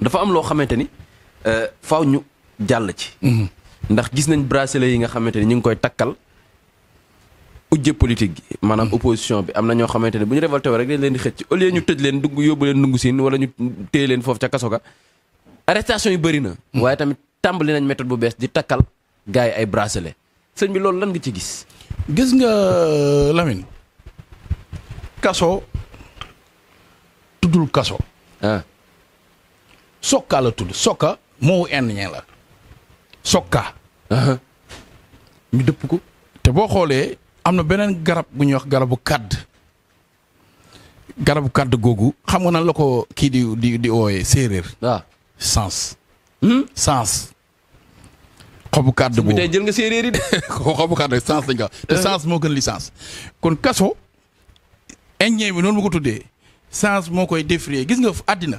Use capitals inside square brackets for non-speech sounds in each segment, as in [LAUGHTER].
dafa am lo xamanteni euh faaw ñu jall ci. Mhm. ndax gis nañ bracelet yi nga xamanteni ñing koy takkal ujje politique gi. manam mhm. opposition bi amna ño xamanteni buñu révolté rek dañ leen di xëc au lieu ñu leen dug leen seen wala ñu téy leen fofu ca kaso ga arrestation yu bari na. Mhm. waye tamit tambali nañ méthode bu di takal gaay ay bracelet sëñ bi loolu lan nga ci gis. gis nga euh, Lamine. kaso tudul kaso. ah. sokka la tudd sokka moo indien la sokka ñu dëpp ko te boo xoolee am na beneen garab bu ñuy wax garabu kàdd garabu kàdd googu xam nga nan la ko kii di di di ooyee séeréer waaw ah. sens hmm? sens xobu kàdd boobu tey jël nga séeréer yi de [LAUGHS] xobu kàdd sens lañ ko te eh. sens moo gën licence kon kaso indien bi noonu mu ko tuddee sens moo koy défrayé gis nga àddina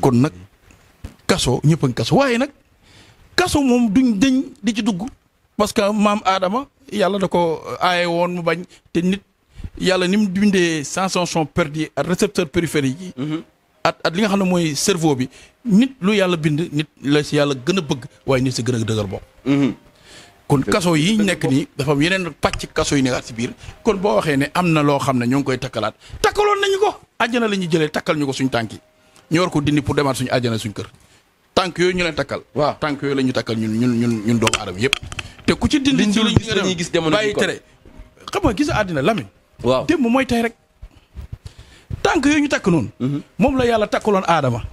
kon nag kaso ñëpp kaso waaye nag kaso moom duñ dëñ di ci dugg parce que maam aadama yàlla da ko euh, aaye woon mu bañ te nit yàlla ni mu bindee sensation perdue ak récepteur périphérique yi. Mhm. at at li nga xam ne mooy cerveau bi nit lu yàlla bind nit la si yàlla gën a bëgg waaye nit si gën a dëgër bopp. Mhm. kon kaso yi nekk nii dafa am yeneen pàcc kaso yi at si biir kon boo waxee ne am na loo xam ne ñoo ngi koy takkalaat takkaloon nañu ko àjjana la ñuy jëlee takkal ñu ko suñu tànk yi ñu war ko dindi pour demaat suñu àjjana suñu kër tànk yooyu ñu leen takkal. waaw tànk yooyu la ñu takkal ñun ñun ñun ñun doomu aadama yëpp. te ku ci dindi ci lañuy gis jamono bàyyi tere xam nga gis àddina Lamine. waaw démb mooy tey rek. tànk yooyu ñu takk noonu. Mhm. moom la yàlla takkaloon aadama.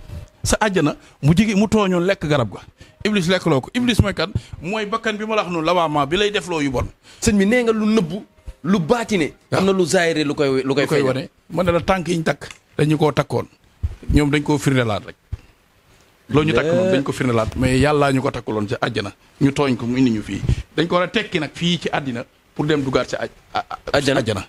sa àjjana mu jigi mu tooñoon lekk garab ga iblis lekk loo ko iblis mooy kan mooy bakkan bi ma la wax noonu lawaamaa bi lay def loo yu bon. sëñ bi nee nga lu nëbbu lu baatine. am na lu zaayre lu koy lu koy. koy wane man ne la tànk yi ñu takk dañu koo takkoon ñoom dañ koo firndelaat rek. loolu ñu takkuloon dañ ko firndelaat mais yàllaa ñu ko takkuloon ca àjjana ñu tooñ ko mu indi ñu fii dañ ko war a tekki nag fii ci àddina pour dem dugaat ca àjjana àjjana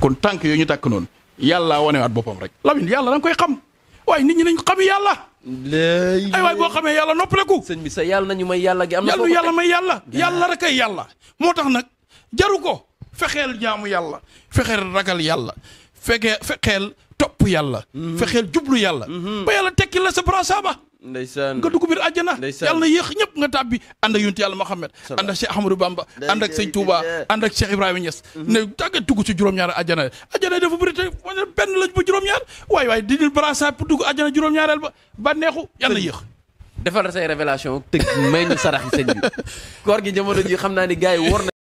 kon tànk yooyu ñu takk noonu yàllaa wanewaat boppam rek Lamine yàlla da koy xam waaye nit ñi nañ ko yàlla. léegi ay waay boo xamee yàlla noppaleku. sëñ bi sa yàlla nañu may yàlla gi am na. foofu yàlla yàlla yàlla rek yàlla moo tax nag jaru ko fexeel jaamu yàlla fexeel ragal yàlla fexeel fexeel topp yàlla. Mhm. fexeel jublu yàlla. Mhm. ba yàlla tekki la sa brassaba. ndeysaan nga dugg biir àjjana. ndeysaan yàlla yéex ñëpp nga tàbbi ànd ak yonent yàlla Muhammad. ànd ak Cheikh Ahmadou Bamba. ànd ak sëñ Touba ànd ak Cheikh Ibrahima Niass. Mhm. ne tàggat dugg ci juróom-ñaar àjjana àjjana dafa bëri te benn lañ ba [LAUGHS] koor gi jamono ji xam naa ni gars yi na